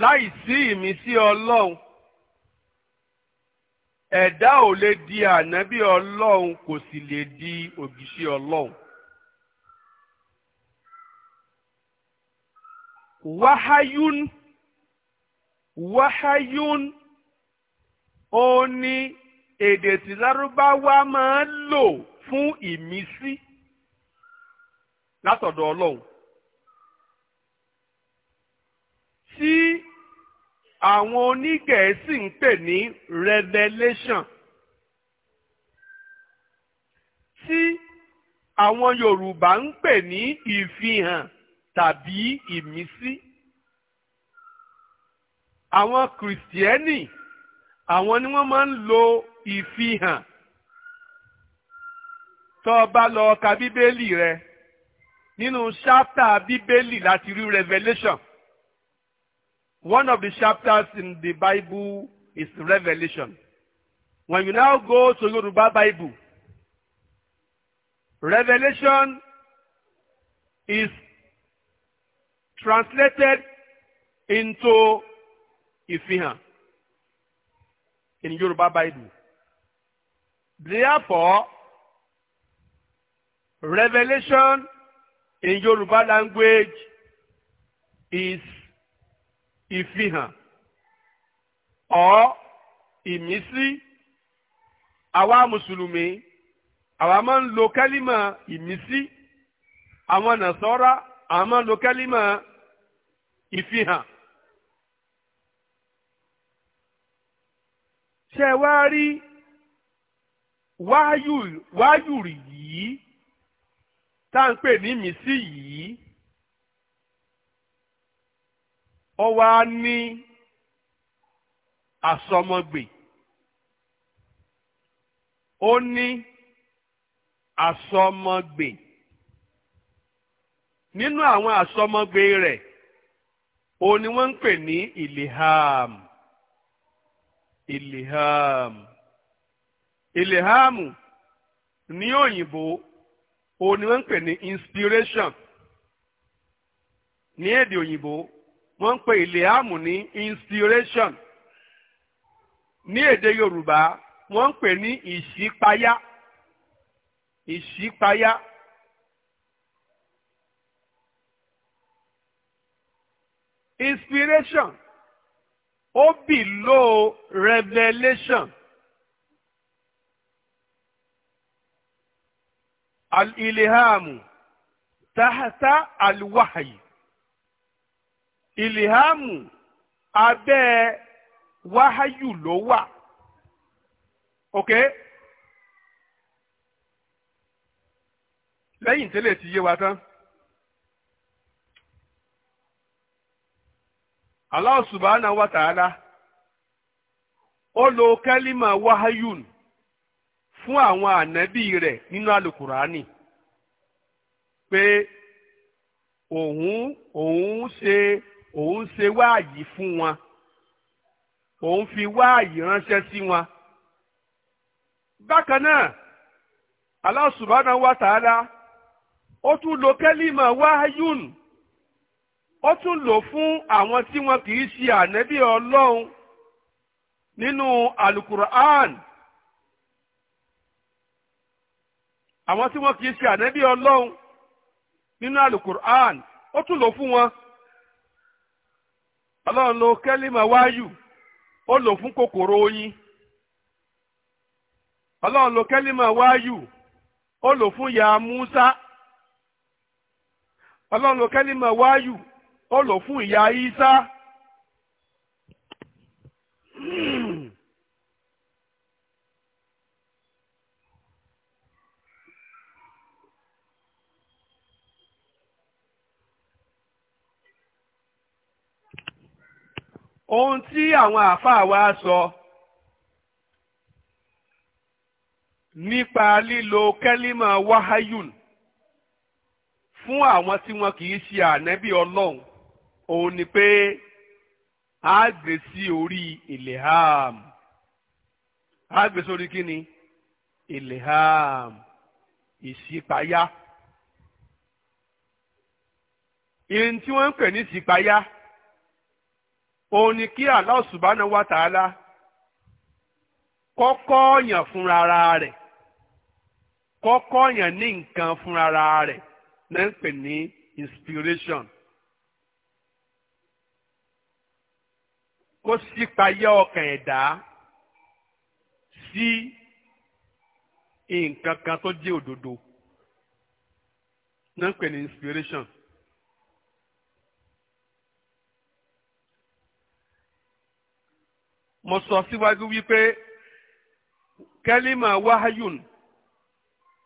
láì sí ìmísí ọlọ́run ẹ̀dá ò lè di ànábì ọlọ́run kò sì lè di ògìṣẹ́ ọlọ́run. wahayun wahayun ó ní èdè tí lárúbáwá máa ń lò fún ìmísí látọ̀dọ̀ ọlọ́run. tí àwọn onígẹ̀ẹ́sì ń pè ní revelation tí àwọn Yorùbá ń pè ní ìfihàn tàbí ìmísí àwọn kìrìsìtẹ́nì àwọn ni wọ́n máa ń lo ìfihàn tó o bá lọ ka bíbélì rẹ nínú ṣáptà bíbélì láti rí revelation one of the chapters in the Bible is Revelation. When you now go to Yoruba Bible, Revelation is translated into Ifihan in Yoruba Bible. Therefore, Revelation in Yoruba language is ìfihàn ọ ìmísí àwa mùsùlùmí àwa máa ń lo kálímà ìmísí àwọn nàṣọ́ra àwọn máa ń lo kálímà ìfihàn. ṣe wá rí wáyù rí yìí tá à ń pè ní ìmísí yìí. ó wá ní àsọmọgbè ó ní àsọmọgbè nínú àwọn àsọmọgbè rẹ̀ òun ni wọ́n ń pè ní ilham ilham ilhamu ní òyìnbó òun ni wọ́n ń pè ní inspiration ní èdè òyìnbó wọ́n ń pè ìlẹ̀hàmù ní inspiration ní èdè yorùbá wọ́n ń pè ní ìṣípayá ìṣípayá. inspiration ó below revelation. al-ilhamu tahta al-wahyi. Ilihamu abẹ́ wáháyù ló wà ok lẹ́yìn tẹ́lẹ̀ ti yé wa tán Allah subhanahu wa ta'ala ó lo kẹ́límà wáháyùn fún àwọn ànẹ́bí rẹ nínú alukurani pé òun òun ṣe. Se òun ṣe wáàyí fún wọn òun fi wáàyí ránṣẹ́ sí wọn. bákan náà Allah ó tún lo kẹ́límà wáyún ó tún lò fún àwọn tí wọn kì í ṣe ànẹ́bí ọlọ́run nínú alukur'an àwọn ó tún ọlọ́run lo kẹ́límà wáyù ó lò fún kòkòrò oyin ọlọ́run lo kẹ́límà wáyù ó lò fún ya Musa ọlọ́run kẹ́límà wáyù ó lò fún ìyá ohun tí àwọn àáfàá wa sọ nípa lílo kẹ́límà wáháyùn fún àwọn tí wọn kì í ṣe ànẹ́bí ọlọ́run òun ni pé a gbé sí orí ilham a gbé sórí kí ni ilham ìṣípayá ìrìn tí wọ́n ń pè ní ìṣípayá òun ni kí Allah subhanahu wa ta'ala kọ́kọ́ yàn fúnra rẹ̀ kọ́kọ́ yàn ní nǹkan fúnra rẹ̀ lè pè ní inspiration. kó sípayá ọkàn ẹ̀dá sí nǹkan kan tó jẹ́ òdodo lè pè ní inspiration. mo sọ síwájú wípé kẹ́límà wáhayùn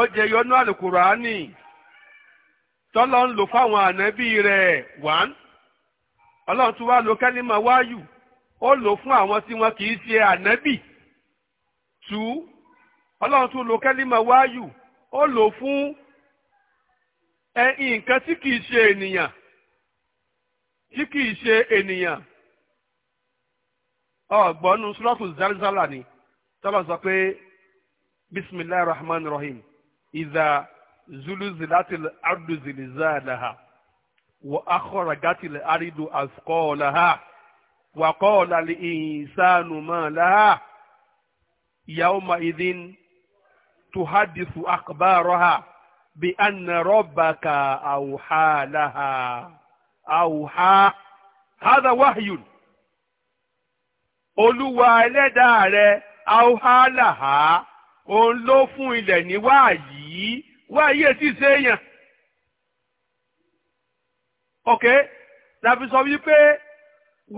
ó jẹ́ yọnú àlùkùránì tọ́lọ́ ń lò fáwọn ànábì rẹ̀ wán ọlọ́run tún wá lo kẹ́límà wáyù ó lò fún àwọn tí wọn kì í ṣe ànábì tù ọlọ́run lo kẹ́límà wáyù ó lò fún ẹ nǹkan tí kì í ṣe ènìyàn tí kì í ṣe ènìyàn ọ̀gbọ́nú sùrọ́tù zálzálà ni tọ́lọ̀ sọ pé bisimilahi rahman rahim ìdá zuluzilatil ardu zilzalaha wa akhrajatil aridu asqalaha wa qala li insanu ma laha yawma idhin tuhadisu akhbaraha bi anna rabbaka awha laha awha hadha wahyun olúwa ẹlẹ́dàá rẹ̀ auhalaha òun ló fún ilẹ̀ ní wáàyí wáàyí èsì séèyàn. ok làbí sọ wípé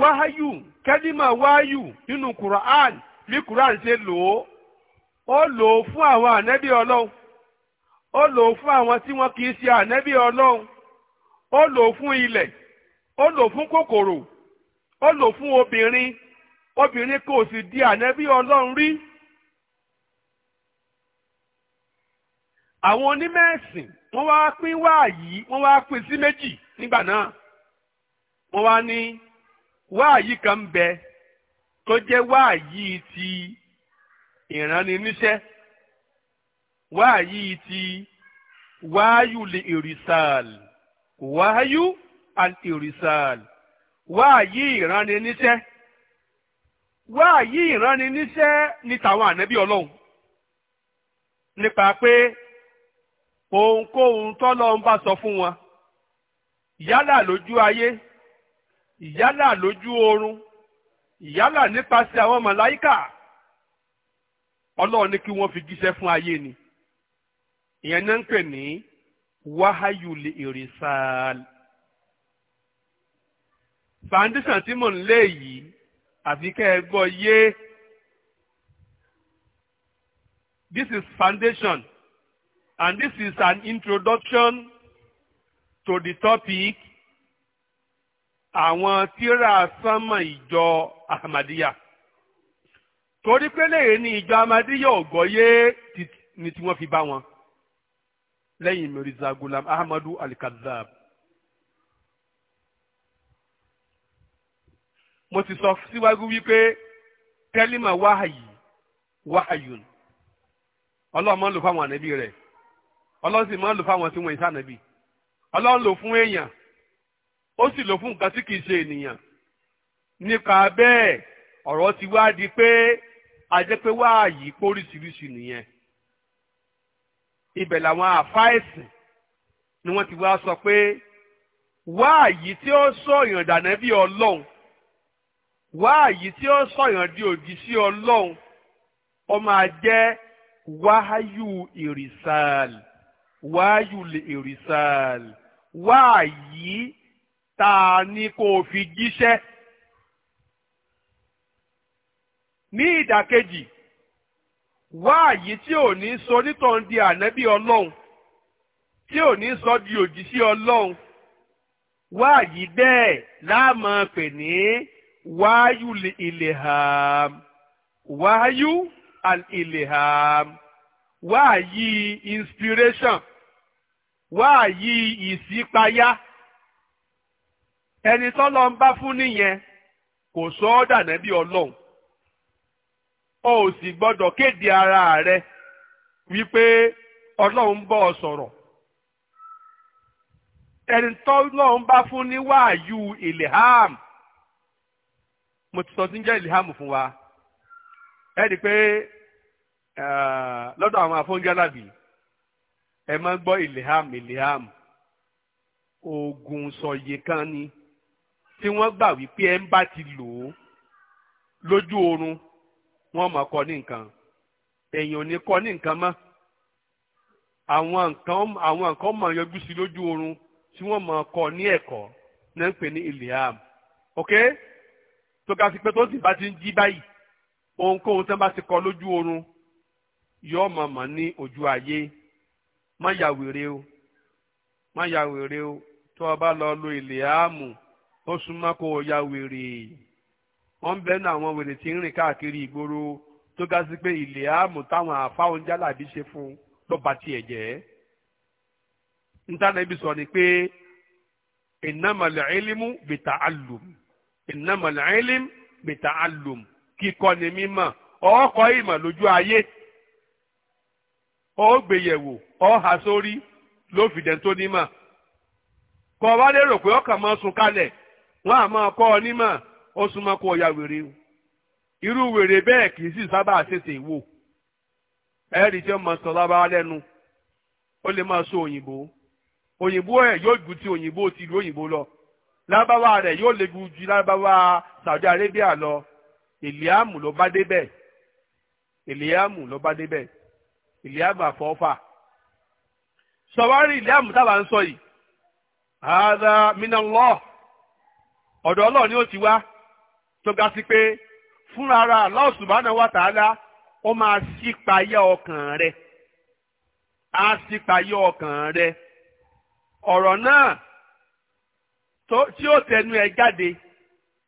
wáyù kẹ́límà wáyù nínú Quran bí Quran ṣe lò ó ó lò ó fún àwọn ànẹ́bí ọlọ́run ó lò ó fún àwọn tí wọ́n kì í ṣe ànẹ́bí ọlọ́run ó lò ó fún ilẹ̀ ó lò ó fún kòkòrò ó lò ó fún obìnrin obìnrin kò sì di ànẹ́bí ọlọ́run rí. àwọn onímẹ̀sìn wọ́n wá pín wáàyí wọ́n wá pín sí méjì nígbà náà wọ́n wá ní wáàyí kan ń bẹ tó jẹ́ wáàyí ti ìránniníṣẹ́ wáàyí ti wáyú lè ìrìsàl wáyú àti ìrìsàl wáàyí ìránniníṣẹ́ wáàyí ìránni níṣẹ́ ni tàwọn ànábì ọlọ́run nípa pé ohunkóhun tọ́lọ́run bá sọ fún wọn yálà lójú ayé yálà lójú oorun yálà nípasẹ̀ àwọn màláíkà ọlọ́run ní kí wọ́n fi jíṣẹ́ fún ayé ni ìyẹn náà ń pè ní wáháyùlì ìrìsàl fàndísàn tí mò ń lé yìí àfi kẹ́ ẹ gbọ́ yé this is foundation and this is an introduction to the topic àwọn tíra sánmọ̀ ìjọ ahmadiyya torí pé lẹ́yìn ní ìjọ ahmadiyya ògbọ́yé ni tí wọ́n fi bá wọn lẹ́yìn Mirza Ghulam Ahmadu al-Kazab. mo ti sọ síwájú wípé tẹ́límà wáhàyí wáhàyùn ọlọ́run máa ń lò fáwọn ànábì rẹ̀ ọlọ́run sì máa ń lò fáwọn tí wọ́n ń sànábì ọlọ́run lò fún èèyàn ó sì lò fún nǹkan tí kìí ṣe ènìyàn nípa bẹ́ẹ̀ ọ̀rọ̀ ti wá di pé ajẹ́ wáhàyí póríṣiríṣi nìyẹn ibẹ̀ làwọn àfáìsì ni wọ́n ti wá sọ pé wáhàyí tí ó sọ ìyàndànẹ́bí ọlọ́run wáàyí tí ó sọ̀yàn di òjì sí ọlọ́run ó máa jẹ́ wáyù ìrìsàl wáyù ìrìsàl wáàyí tá a ní kó o fi jíṣẹ́. ní ìdàkejì wáàyí tí ò ní sọ nítorí di ànábì ọlọ́run tí ò ní sọ di òjì sí ọlọ́run wáàyí bẹ́ẹ̀ láàmú pè ní wáyú ilham wáyú al-ilham wáyí inspiration wáyí ìṣípayá ẹni tọ́lọ́ ń bá fún nìyẹn kò sọ ọ́ dànà bí ọlọ́run o ò sì gbọ́dọ̀ kéde ara rẹ wípé ọlọ́run ń bọ́ ọ sọ̀rọ̀ ẹni tọ́lọ́run bá fún ní wáyú ilham mo ti sọ tí ń jẹ́ ìlíhàmù fún wa ẹ rí i pé lọ́dọ̀ àwọn afọ́njálàbí ẹ máa ń gbọ́ ìlíhàmù ìlíhàmù oògùn sọ̀yè kan ni tí wọ́n gbà wípé ẹ ń bá ti lò ó lójú oorun wọ́n máa kọ ní nǹkan èèyàn ò ní kọ ní nǹkan mọ́ àwọn nǹkan àwọn nǹkan máa yọjú sí lójú oorun tí wọ́n máa kọ ní ẹ̀kọ́ náà ń pè ní ìlíhàmù ok. tó ga sí pé tó sì bá ti ń jí báyìí ohunkóhun tó bá ti kọ lójú oorun yóò ní ojú ayé má ya wèrè o má ya wèrè o tó o bá lọ lo ilé àmù ó súnmọ́ kó o ya wèrè wọ́n bẹ́ẹ̀ ní àwọn wèrè tí ń rìn káàkiri ìgboro tó ga sí pé ilé àmù táwọn àfa oúnjẹ làbí ṣe fún sọ ni pé innamal ilm bita'allum kíkọ́ ni mímọ̀ ọkọ̀ ìmọ̀ lójú ayé ó gbéyẹ̀wò ó há sórí ló fìdẹ̀ tó nímọ̀ kọ́ ọ bá lérò pé ọkàn máa sun kalẹ̀ wọ́n á máa kọ́ ọ nímọ̀ ó súnmọ́ kó ọya wèrè o irú wèrè bẹ́ẹ̀ kì í sì sábà ṣètè wò ẹ̀rí tí ó máa sọ lábára lẹ́nu ó lè máa sọ òyìnbó òyìnbó ẹ̀ yóò ju ti òyìnbó ti ìlú òyìnbó lọ. lábáwá rẹ̀ yóò le ju lábáwá Saudi Arabia lọ eliamu ló bá débẹ̀ eliamu ló bá débẹ̀ ìlíàmù àfọ́fà sọwárí ìlíàmù táwa ń sọ yìí ààrẹ minalọ ọ̀dọ̀ Ọlọ́run ni ó ti wá tó ga sí pé fúnra ara Allah subhanahu wa ta'ala ó máa ṣípayá ọkàn rẹ̀ á ṣípayá ọkàn rẹ̀ ọ̀rọ̀ náà. tí ó tẹnu ẹ̀ jáde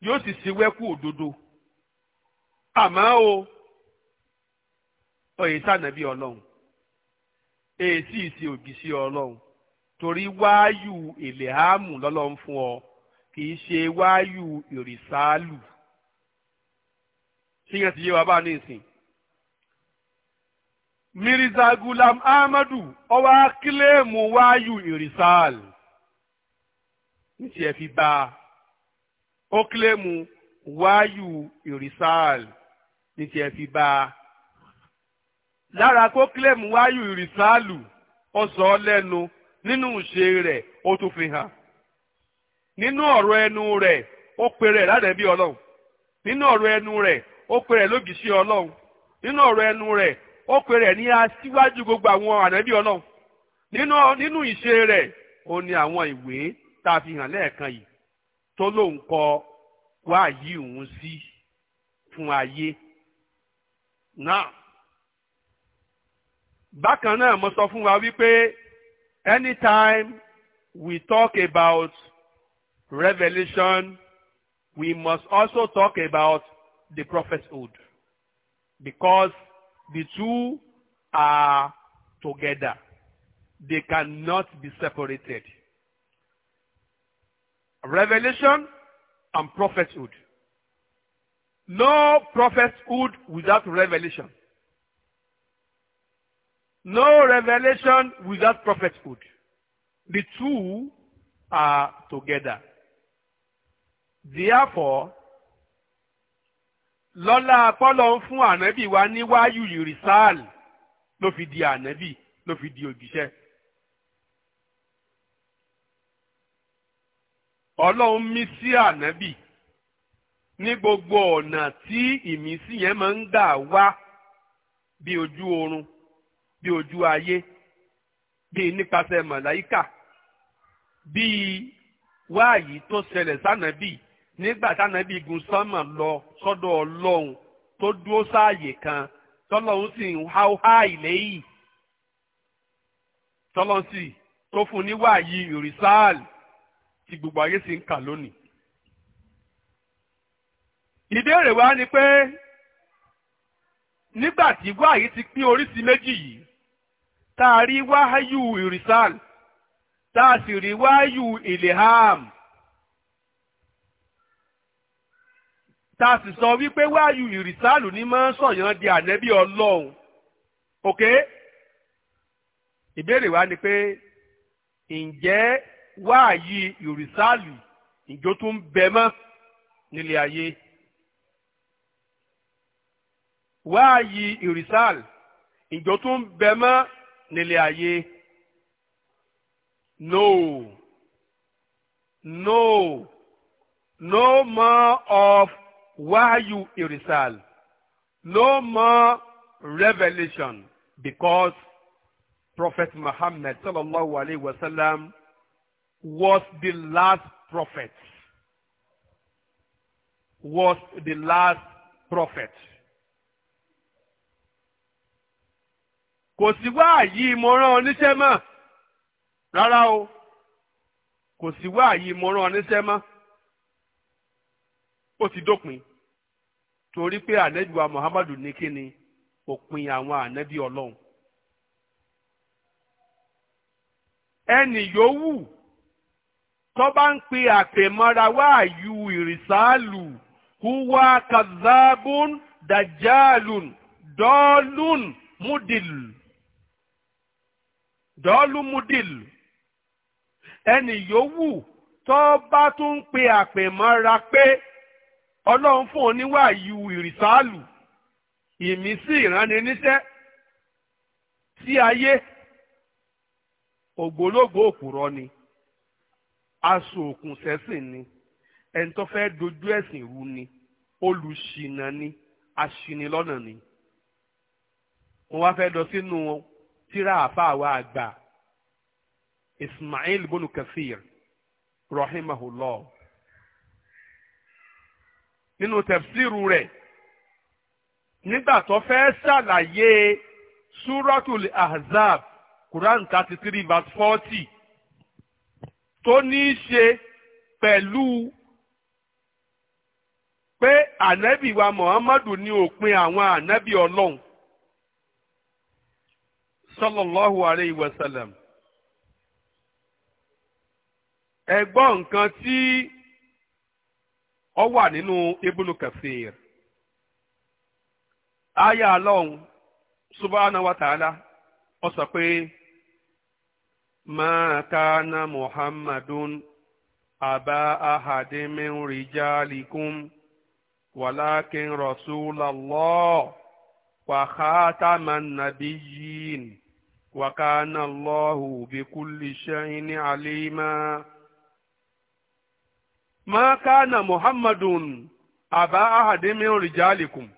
yóò sì sí wẹ́kú òdodo àmọ́ o òye sànàbí ọlọ́run èsì ìsì ògìsì ọlọ́run torí wáyù ìlẹ̀hámù lọ́lọ́run fún ọ kì í ṣe wáyù ìrìsálù síyẹn ti yé wa bá ní ìsìn. Mirza Gulam Ahmadu ọwọ́ akílẹ̀mù wáyù ìrìsálù nítí ẹ fi bá a ó kílẹ̀mù wáyù ìrìsáàlì nítí ẹ fi bá a lára kó kílẹ̀mù wáyù ìrìsáàlù ó sọ ọ́ lẹ́nu nínú ìṣe rẹ̀ ó tún fi hàn nínú ọ̀rọ̀ ẹnu rẹ̀ ó pe rẹ̀ ládẹ́bí ọlọ́run nínú ọ̀rọ̀ ẹnu rẹ̀ ó pe rẹ̀ lógìsí ọlọ́run nínú ọ̀rọ̀ ẹnu rẹ̀ ó pe rẹ̀ ní aṣíwájú gbogbo àwọn ànábì ọlọ́run nínú ìṣe rẹ̀ ó ní àwọn ìwé tá a fi hàn lẹ́ẹ̀kan yìí tó lóun kọ wáàyí òun sí fún ayé náà bákan náà mo sọ fún wa wípé anytime we talk about revelation we must also talk about the prophethood because the two are together they cannot be separated revelation and prophethood. No prophethood without revelation. No revelation without prophethood. The two are together. Therefore, lọ́lá apọ́lọ́ ń fún ànábì wa ní wáyù yìrìsáàlì ló fi di ànábì ló fi di òjíṣẹ́. ọlọ́run mí ànábì ní gbogbo ọ̀nà tí ìmísí yẹn máa ń gbà wá bí ojú oorun bí ojú ayé bí nípasẹ̀ màláíkà bí wáàyí tó ṣẹlẹ̀ sànábì nígbà sànábì gun sánmà lọ sọ́dọ̀ ọlọ́run tó dúró sáàyè kan tọ́lọ́run sì ń tọ́lọ́run sì tó tí gbogbo ayé sì ń kà lónìí. ìbéèrè wa ni pé nígbà tí wáyé ti pín oríṣi méjì yìí tá a rí wáyú ìrìsàl tá a sì rí wáyú ìlẹ̀hàm tá a sì sọ wípé wáyú ìrìsàlù ni máa ń sọ̀yàn di ànẹ́bí ọlọ́run òkè ìbéèrè wa ni pé ǹjẹ́ wáàyí yorùsáàlì ìjó tó ń bẹ mọ́ nílé ayé wáàyí yorùsáàlì ìjó tó ń bẹ mọ́ nílé ayé no no no more of wahyu irisal no more revelation because prophet muhammad sallallahu alaihi wasallam was the last prophet. Was the last prophet. Kò sí wáàyí mo rán oníṣẹ́ mọ́. Rárá o. Kò sí wáàyí mo oníṣẹ́ mọ́. Ó ti dópin. Torí pé ànẹ́jùwà Muhammadu ní kíni òpin àwọn ànẹ́bí Ọlọ́run. Ẹnì yòówù tó bá ń pe àpèmọ́ra wáàyù ìrìsàálù huwa kazabun dajalun dọ́ọ̀lùn mudil dọ́ọ̀lùn mudil ẹnì yòówù tó bá tún ń pe àpèmọ́ra pé ọlọ́run fún oníwàyù ìrìsàálù ìmísí ìránniníṣẹ́ sí ayé ògbólógbòó òpùrọ́ ni aṣọ òkun sẹ́sìn ni ẹni tó fẹ́ dojú ẹ̀sìn rú ni olùṣìnà ni aṣinilọ́nà ni wọ́n wá fẹ́ lọ sínú tíra àfáàwá àgbà Ismail bonu Kathir rahimahullah nínú tẹ̀síìrù rẹ̀ nígbà tó fẹ́ ṣàlàyé súrọ́tùl ahzab Quran thirty three verse forty tó ní í ṣe pẹ̀lú pé ànábì wa Muhammadu ní òpin àwọn ànábì ọlọ́run sallallahu alayhi wa sallam ẹgbọ́n nǹkan tí ọ wà nínú Ibn Kathir aya alọ́hun subhanahu wa ta'ala ó sọ pé. ما كان محمد أبا أحد من رجالكم ولكن رسول الله وخاتم النبيين وكان الله بكل شيء عليما ما كان محمد أبا أحد من رجالكم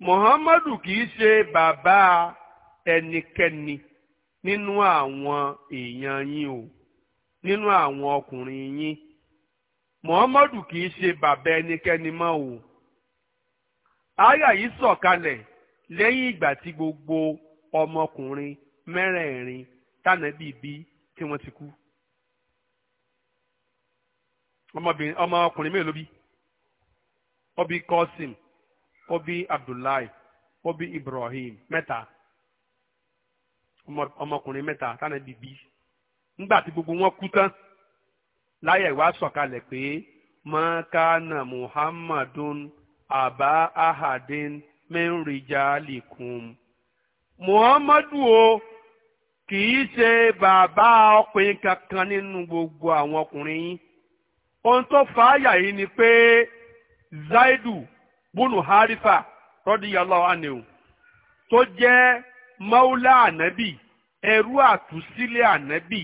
محمد kì بابا ṣe nínú àwọn èèyàn yín o nínú àwọn ọkùnrin yín muhammadu kì í ṣe bàbá ẹnikẹ́ni mọ́ o aya yìí sọ̀kalẹ̀ lẹ́yìn ìgbà tí gbogbo ọmọkùnrin mẹ́rẹ̀ẹ̀rin tànàbí bí tí wọ́n ti kú bí bí abdullahi ọmọkùnrin mẹ́ta tánà bìbí nígbà tí gbogbo wọn kú tán láyà ìwà sọ̀kalẹ̀ pé mọ́kánà muhammadun àbá ahadin mẹ́rìndínláàlìkùn muhammadu o kì í ṣe bàbá ọkùnrin kankan nínú gbogbo àwọn ọkùnrin yín ohun tó ni pé zaidu bunu harifa tó jẹ́ maula anabi, ẹrú àtúsílẹ̀ anabi,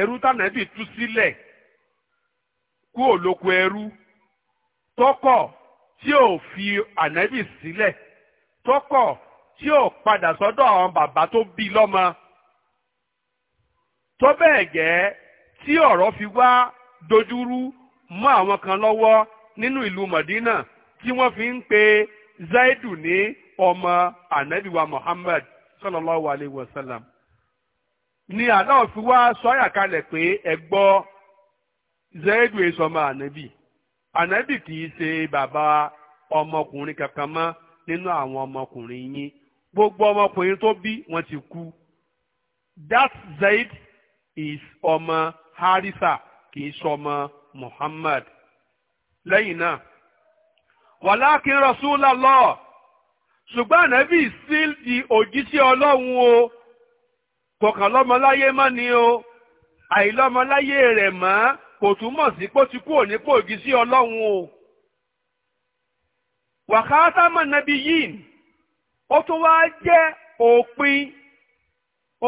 ẹrú tànábì tú sílẹ̀ kúò lóko ẹrú tọkọ tí ò fi ànábì sílẹ̀ tọkọ tí ò padà sọ́dọ̀ àwọn bàbá tó bí lọ́mọ tó bẹ́ẹ̀ gẹ́ tí ọ̀rọ̀ fi wá dojúrú mọ́ àwọn kan lọ́wọ́ nínú ìlú Mọ̀dínà tí wọ́n fi ń pe Zaidu ní ọmọ ànábìwa Muhammad sallallahu alayhi wa ni Allah fi wá sọ àyà kalẹ̀ pé ẹ gbọ́ Zaidu esọmọ ànábì ànábì kì í ṣe bàbá ọmọkùnrin kankan mọ́ nínú àwọn ọmọkùnrin yín gbogbo ọmọkùnrin tó bí wọ́n ti kú that Zaid is ọmọ Harisa kì í ṣọmọ Muhammad lẹ́yìn náà walakin rasulallah. ṣùgbọ́n ànábì sí di òjíṣẹ́ ọlọ́run o kọ̀ọ̀kan lọ́mọláyé mọ́ ni o àìlọ́mọláyé rẹ̀ mọ́ kò túmọ̀ sí pé ó ti kúrò ọlọ́run o. wàkàtàmà nàbí yìí ó tún wá jẹ́ òpin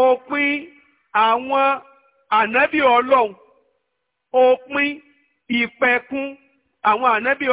òpin àwọn ànábì ọlọ́run òpin ìpẹ̀kun àwọn ànábì